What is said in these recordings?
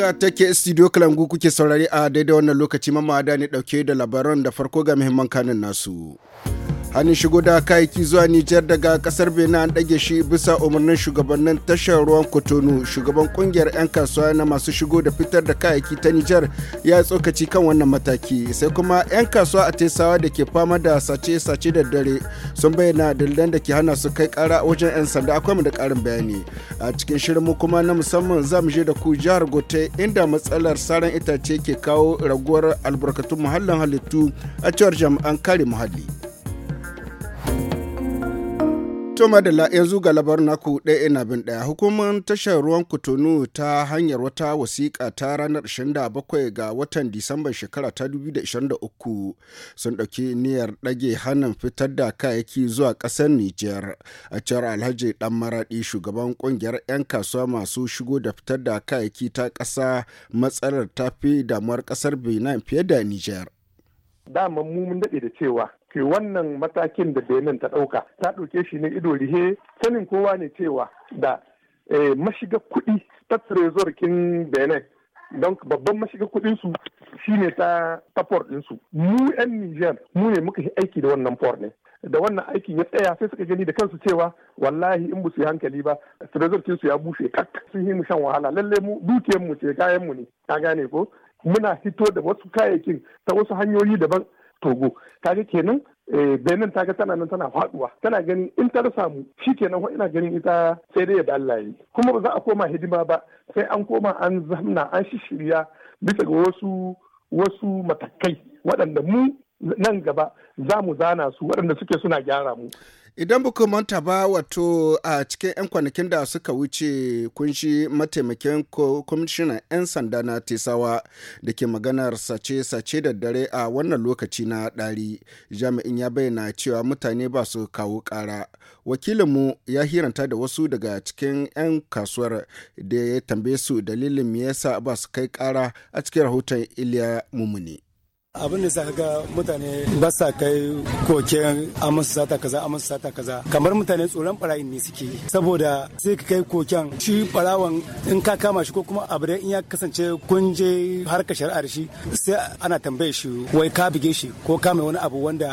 haka take studio kalangu kuke saurari a daidai wannan lokaci mamada ne dauke da labaran da farko ga muhimman kanin nasu. hannun shigo da kayaki zuwa nijar daga kasar benin an ɗage shi bisa umarnin shugabannin tashar ruwan kotonu shugaban kungiyar 'yan kasuwa na masu shigo da fitar da kayaki ta nijar ya tsokaci kan wannan mataki sai kuma 'yan kasuwa a tesawa da ke fama da sace-sace da dare sun bayyana dalilan da ke hana su kai kara wajen 'yan sanda akwai mu da karin bayani a cikin shirin mu kuma na musamman za mu je da ku jihar gote inda matsalar saran itace ke kawo raguwar albarkatun muhallin halittu a cewar jami'an kare muhalli. To madalla yanzu ga labar naku ɗaya ina bin ɗaya hukumar tashar ruwan kutunu ta hanyar wata wasiƙa ta ranar 27 ga watan Disambar shekara ta 2023 sun ɗauki niyyar ɗage hannun fitar da kayayyaki zuwa ƙasar Nijar. A cewar Alhaji Dan Maraɗi shugaban ƙungiyar 'yan kasuwa masu shigo da fitar da kayayyaki ta ƙasa matsalar ta fi damuwar ƙasar Benin fiye da Nijar. Dama mu mun daɗe da cewa ke wannan matakin da benin ta ɗauka ta ɗauke shi ne ido rihe sanin kowa ne cewa da eh, mashiga kuɗi ta trezorkin benin don babban mashiga kuɗin su shine ta ta port din mu yan Niger mu ne muka yi aiki da wannan port ne da wannan aikin ya tsaya sai suka gani da kansu cewa wallahi in su yi hankali ba trezorkin su ya bushe kak sun yi mu shan wahala lalle mu dukiyar mu ce kayan mu ne ka gane ko muna fito da wasu kayayyakin ta wasu hanyoyi daban togo kaga kenan eh, benin ta ga tana nan tana faduwa tana ganin in ta rasa mu shikenan ko ina ganin ita sai dai da Allah yi kuma ba za a koma hidima ba sai an koma an zamna an shishirya bisa ga wasu wasu matakai waɗanda mu nan gaba za mu zana su waɗanda suke suna gyara mu Idan buku manta ba wato a cikin 'yan kwanakin da suka wuce kunshi mataimakin kwamishinan 'yan sanda na Tesawa da ke maganar sace-sace da dare a wannan lokaci na ɗari. Jami'in ya bayyana cewa mutane ba su kawo ƙara. Wakilinmu ya hiranta da wasu daga cikin 'yan kasuwar da ya tambaye su dalilin me yasa ba su kai ƙara a cikin rahoton Iliya Mumuni. abin da sa ga mutane ba sa kai koken amsu sata kaza amsu sata kaza kamar mutane tsoron barayin ne suke saboda sai ka kai koken shi barawan in ka kama shi ko kuma abu da in ya kasance kun je harkar da shi sai ana tambaye shi wai ka bige shi ko ka mai wani abu wanda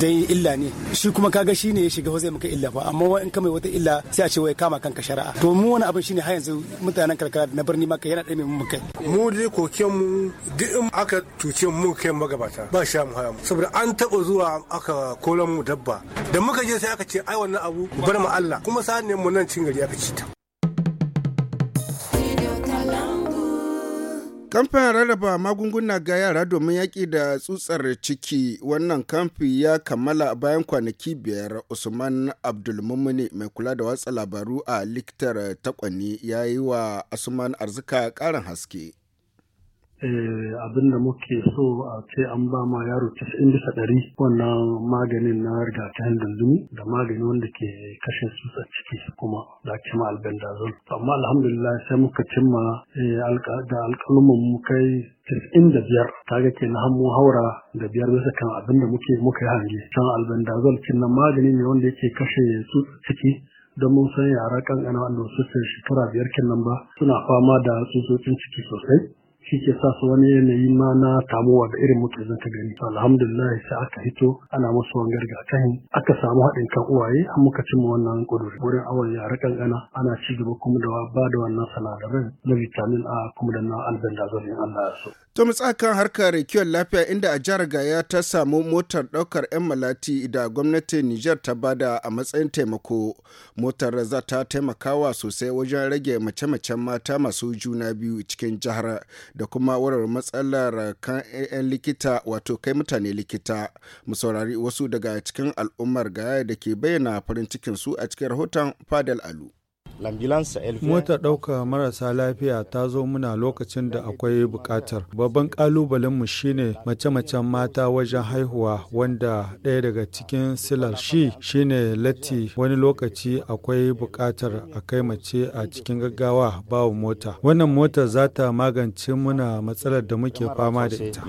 dai illa ne shi kuma kaga shi ne ya shiga zai maka illa ba amma in ka mai wata illa sai a ce wai kama kanka shari'a to mu wani abin shine har yanzu mutanen karkara da na birni maka yana ɗaya mu kai mu dai koken mu duk in aka tuce mu kai wajen magabata ba sha mu mu saboda an taba zuwa aka kolan mu dabba da muka je sai aka ce ai wannan abu bar mu Allah kuma sa'an ne mu nan cin gari aka ci ta Kamfen rarraba magunguna ga yara domin yaƙi da tsutsar ciki wannan kamfi ya kammala bayan kwanaki biyar Usman Abdulmumini mai kula da watsa labaru a Liktar Takwani ya yi wa Usman arzika ƙarin haske. Eh, abin da muke so a ce an ba ma yaro 90 bisa ɗari wannan maganin na rigakafin dundumi da magani wanda ke kashe tsutsar ciki kuma da ma albendazol amma alhamdulillah sai muka cimma eh, da alƙalumin mu kai tis'in da biyar ta ga ke na hannu haura da biyar bisa kan abin da muke muka yi hange can albendazol kin nan magani ne wanda yake kashe tsutsar ciki don mun san yara kan kankana wanda su shekara biyar kin nan ba suna fama da tsutsotsin ciki sosai shi ke sa su wani yanayi ma na tamuwa da irin mutu zan ka gani alhamdulillah sai aka hito ana musu wangar rigakafi aka samu haɗin kan uwaye an muka cimma wannan ƙuduri wurin awon yara kankana ana ci gaba kuma da ba da wannan sanadarin na vitamin a kuma da na albendazole in Allah ya so To tsakan harkar kiwon lafiya inda a jihar Gaya ta samu motar ɗaukar 'yan malati da gwamnatin Nijar ta bada a matsayin taimako. Motar za ta taimakawa sosai wajen rage mace-macen mata masu juna biyu cikin jihar da kuma warar matsalar kan 'yan likita wato kai mutane likita. Mu saurari wasu daga cikin al'ummar Gaya da ke bayyana farin cikin su a cikin rahoton Fadal Alu. Mota ɗauka marasa lafiya ta zo muna lokacin da akwai bukatar Babban mu shine mace-macen mata wajen haihuwa wanda ɗaya daga cikin silar shi shine latti wani lokaci akwai buƙatar a kai mace a cikin gaggawa babu mota. Wannan motar za ta magance muna matsalar da muke fama da ita.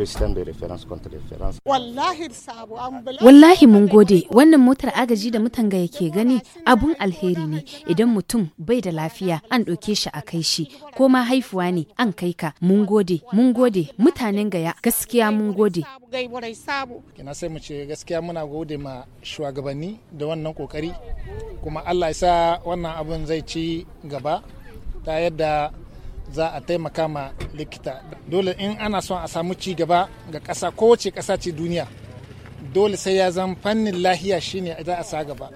Wallahi mun gode wannan motar agaji da mutan ga yake gani abun alheri ne idan mutum bai da lafiya an ɗauke shi a kai shi ko ma haifuwa ne an kai ka mun gode mun gode mutanen gaya gaskiya mun gode kina sai mu ce gaskiya muna gode ma shugabanni da wannan kokari kuma Allah ya sa wannan abun zai ci gaba ta yadda za a taimaka ma likita dole in ana son a samu ci gaba ga ƙasa kowace kasa ce duniya dole sai ya zan fannin lahiya shine za a sa gaba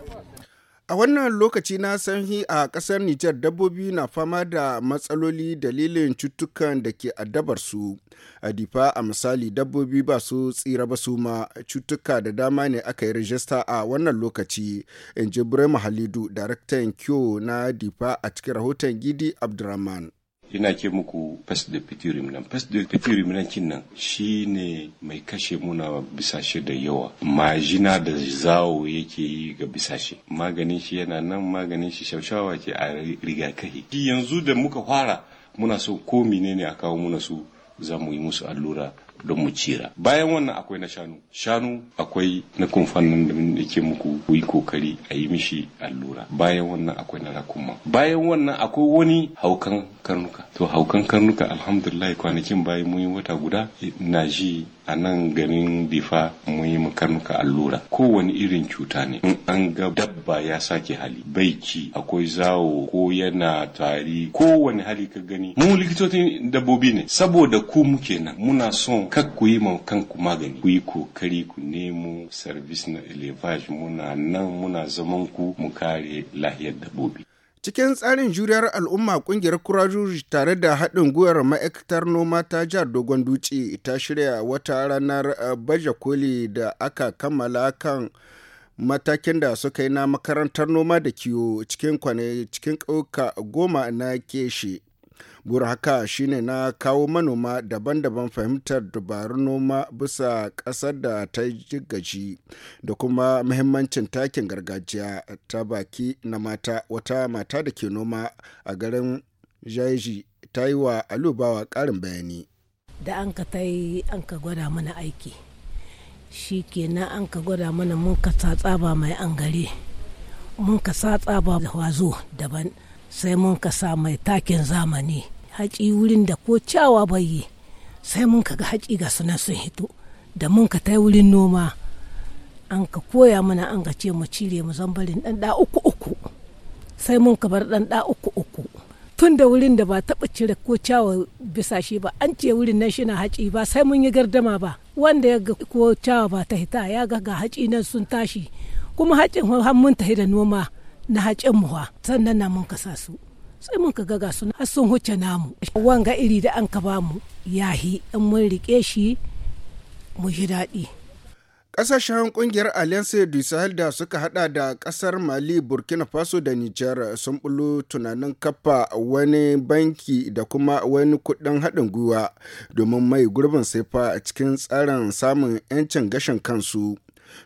A wannan lokaci na sanhi a ƙasar Nijar dabbobi na fama da matsaloli dalilin cutukan da ke addabar su. A difa a misali dabbobi ba su tsira ba su ma cutuka da dama ne aka yi rajista a wannan lokaci. In ji Halidu, daraktan Kyo na difa a cikin rahoton Gidi Abdurrahman. ina ce muku pes de petit nan pes da pitirim nan kin nan shine mai kashe muna bisashe da yawa majina da zawo yake yi ga bisashe maganin shi yana nan maganin shi shaushawa ke a rigakahi yanzu da muka fara muna so ko menene a kawo muna su za mu yi musu allura don mu cira bayan wannan akwai na shanu shanu akwai na kumfanin da yake muku yi kokari a yi mishi allura bayan wannan akwai na rakuma bayan wannan akwai wani haukan karnuka to haukan karnuka alhamdulillah kwanakin bayan mun yi wata guda na ji a nan ganin difa mun yi makarnuka allura kowane irin cuta ne in an ga dabba ya sake hali bai ci akwai zawo ko yana tari kowane hali ka gani mu likitocin dabbobi ne saboda ku muke nan muna son kak ku yi ma kanku magani ku yi kokari ku nemo service na elevage muna nan muna zaman ku mu kare lahiyar dabbobi Cikin tsarin juriyar al'umma kungiyar kuraju tare da haɗin gwiwar ma'aikatar noma ta jihar Dogon Dutse ta shirya wata ranar eh, baje koli da aka kammala kan matakin da suka yi na makarantar noma da kiwo cikin kwane cikin ƙauka goma na keshi burhaka haka shine na kawo manoma daban-daban fahimtar dabarun noma bisa ƙasar da ta jigaji da kuma muhimmancin takin gargajiya ta baki na mata wata mata da ke noma a garin jaiji ta yi wa alubawa ƙarin bayani da an ka ta yi an ka gwada mana aiki shi kenan an ka gwada mana mun ka tsaba mai an gare mun ka tsaba da wazo daban sai mun ka sa mai takin zamani haƙi wurin da ko bai bayi sai mun ka ga haƙi ga suna sun hito da mun ka ta wurin noma an ka koya mana an ka ce mu cire mu zambarin ɗan ɗa uku uku sai mun ka bar ɗan ɗa uku uku tun da wurin da ba taɓa cire ko cawa bisa shi ba an ce wurin nan na haci ba sai mun yi gardama ba wanda ya ga ko cawa ba ta hita ya ga ga haci nan sun tashi kuma haƙin hannun mun tahi da noma na haƙin muwa sannan na mun kasa su sai mun ka ga su har sun huce namu wanga iri da an ka bamu yahi in mun rike shi mu ji daɗi Ƙasashen ƙungiyar Alliance du Sahel da suka hada da ƙasar Mali, Burkina Faso da Nijar sun bulo tunanin kafa wani banki da kuma wani kuɗin haɗin gwiwa domin mai gurbin saifa a cikin tsarin samun 'yancin gashin kansu.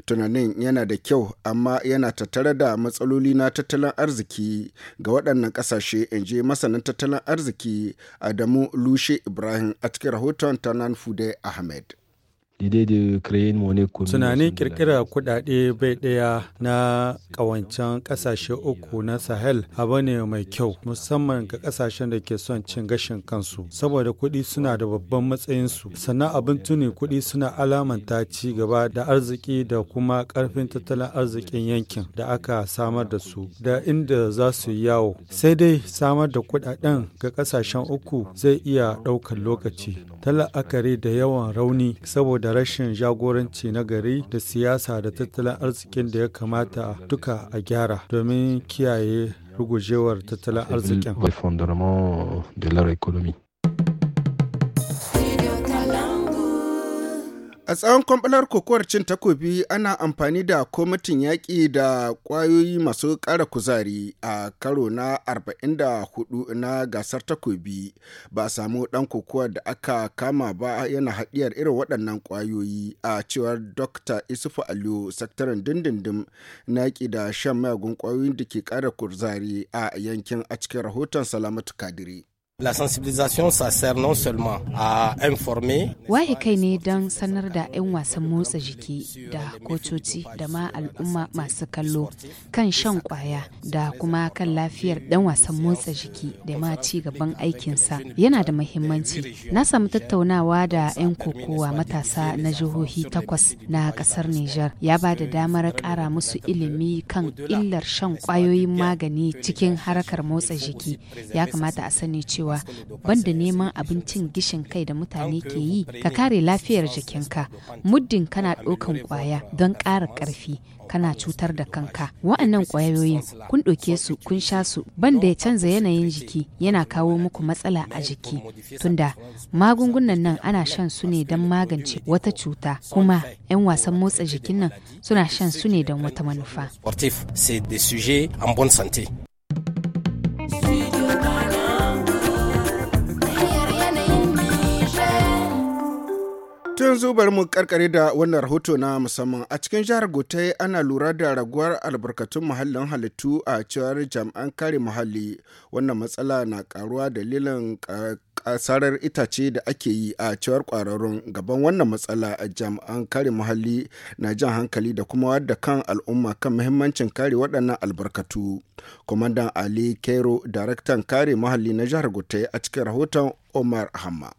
tunanin yana da kyau amma yana tattare da matsaloli na tattalin arziki ga waɗannan ƙasashe in je masanin tattalin arziki adamu lushe ibrahim a cikin rahoton tanan fude ahmed Tunanin kirkira kudade bai daya na kawancen kasashe uku na Sahel abu ne mai kyau musamman ga kasashen da ke son cin gashin kansu saboda kudi suna da babban matsayin su sannan abin tuni kudi suna alamanta ci gaba da arziki da kuma karfin tattalin arzikin yankin da aka samar da su da inda za su yi yawo sai dai samar da kudaden ga kasashen uku zai iya daukan lokaci ta la'akari da yawan rauni saboda rashin jagoranci na gari da siyasa da tattalin arzikin da ya kamata duka a gyara domin kiyaye rugujewar tattalin arzikin. A tsawon kwamfalar kokowar cin takobi ana amfani da kwamitin yaƙi da ƙwayoyi masu ƙara kuzari a karo na 44 na gasar takobi ba a samu ɗan kokowar da aka kama ba yana haɗiyar irin waɗannan ƙwayoyi a cewar Dr. Isufu Aliyu sakataren dindindin na yaƙi da shan mayagun ƙwayoyin da ke ƙara kuzari a yankin a cikin rahoton Salamatu Kadiri. La sensibilisation ça sert non seulement à informer. Waye kai ne don sanar da 'yan wasan motsa jiki da kococi da ma al'umma masu kallo kan shan kwaya da kuma kan lafiyar dan wasan motsa jiki da ma ci gaban aikinsa yana da muhimmanci. Na samu tattaunawa da 'yan kokowa matasa na jihohi takwas na kasar Nijar ya ba da damar kara musu ilimi kan illar shan kwayoyin magani cikin harkar motsa jiki. Ya kamata a sani cewa rayuwa banda neman abincin gishin kai da mutane ke yi ka kare lafiyar jikinka muddin kana ɗaukan kwaya don ƙara ƙarfi kana cutar da kanka wa'annan ƙwayoyin kun ɗauke su kun sha su banda ya canza yanayin jiki yana kawo muku matsala a jiki tunda magungunan nan ana shan su ne don magance wata cuta kuma 'yan wasan motsa jikin nan suna shan su ne don wata manufa. C'est des sujets en bonne santé. Tun zubar mu karkare da wannan rahoto na musamman a cikin jihar Gotai ana lura da raguwar albarkatun muhallin halittu a cewar jami'an kare muhalli. Wannan matsala na karuwa dalilin kasarar itace da ake yi a cewar kwararrun gaban wannan matsala a jami'an kare muhalli na jan hankali da kuma wadda kan al'umma kan muhimmancin kare waɗannan albarkatu. Kwamandan Ali Cairo, daraktan kare muhalli na jihar Gotai a cikin rahoton Omar Hamma.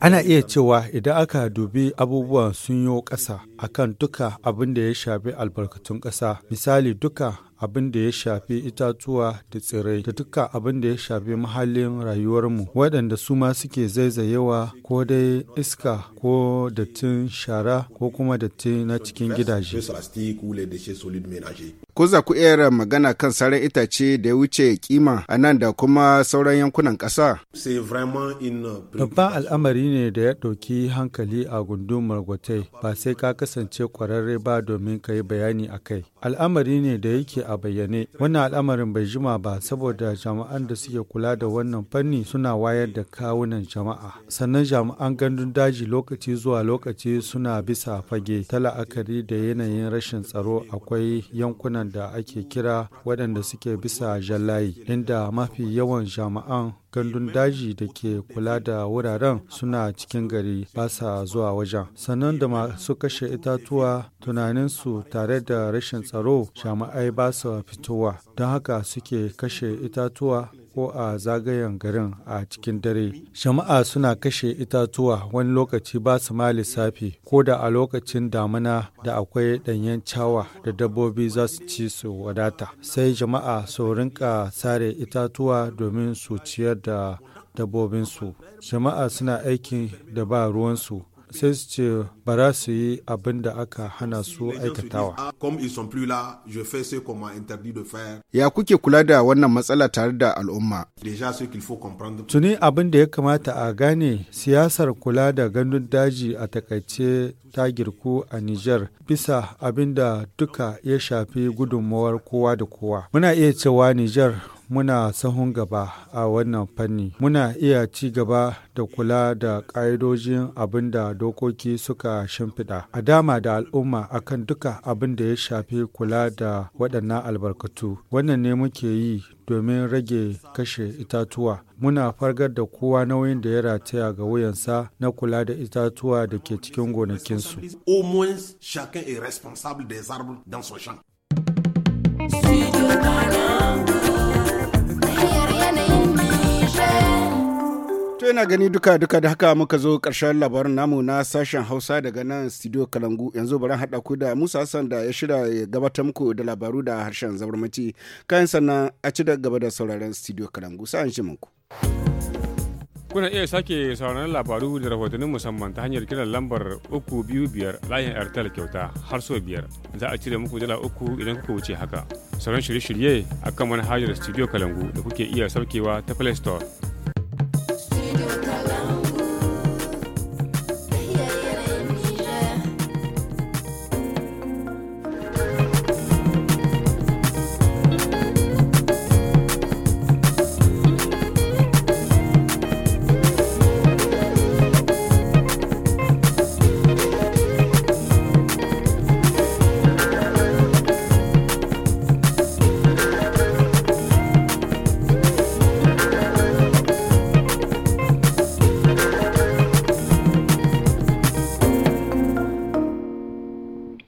Ana iya cewa idan aka dubi abubuwan sun yo ƙasa akan duka abin da ya shafi albarkatun ƙasa, misali duka abin da ya shafi itatuwa da tsirrai da dukkan abin da ya shafi mahallin mu waɗanda su ma suke zaizayewa ko dai iska ko dattin shara ko kuma dattin na cikin gidaje. Ko za ku iya magana kan sarar itace da ya wuce kima a nan da kuma sauran yankunan ƙasa? Babban al'amari ne da ya ɗauki hankali a gundumar gwatai ba sai ka kasance ƙwararre ba domin ka yi bayani a kai. Al'amari ne da yake a bayyane wannan al'amarin bai jima ba saboda jama'an da suke kula da wannan fanni suna wayar da kawunan jama'a sannan jama'an gandun daji lokaci zuwa lokaci suna bisa fage ta la'akari da yanayin rashin tsaro akwai yankunan da ake kira waɗanda suke bisa jallayi inda mafi yawan jama'an. gandun daji da ke kula da wuraren suna cikin gari ba sa zuwa wajen sannan da masu kashe itatuwa tunaninsu tare da rashin tsaro jama'ai ba sa fitowa don haka suke kashe itatuwa ko a zagayen garin a cikin dare. Jama'a suna kashe itatuwa wani lokaci ba su ma lissafi ko da a lokacin damina da akwai ɗanyen cawa da dabbobi za su ci su wadata. Sai jama'a su rinka sare itatuwa domin su ciyar da dabbobinsu. Jama'a suna aiki da ba ruwansu sai su ce ba za su yi abin da aka hana su aikatawa. Ah, ya kuke kula da wannan matsala tare da al'umma? Tuni abin da ya kamata a gane siyasar kula da gandun daji a takaice ta girku a Nijar bisa abin da duka ya shafi gudunmawar kowa da kowa. Muna iya cewa Nijar muna sahun gaba a wannan fanni. Muna iya ci gaba da kula da ƙa'idojin abin da dokoki suka shimfiɗa. A dama da al'umma akan duka abin da ya shafi kula da waɗannan albarkatu. Wannan ne muke yi domin rage kashe itatuwa. Muna fargar da kowa nauyin da ya rataya ga wuyansa na kula da itatuwa da ke cikin gonakinsu. Studio Ghana. To yana gani duka duka da haka muka zo karshen labarin namu na sashen Hausa daga nan studio Kalangu yanzu bari haɗa ku da Musa Hassan da ya shirya ya gabatar muku da labaru da harshen zabarmaci kayan sannan a ci da gaba da sauraron studio Kalangu sa'an shi muku. Kuna iya sake sauraron labaru da rahotannin musamman ta hanyar kiran lambar 325 layin Airtel kyauta har so biyar. Za a cire muku dala uku idan kuka wuce haka. Sauran shirye-shirye akan manhajar Studio Kalangu da kuke iya saukewa ta Play Store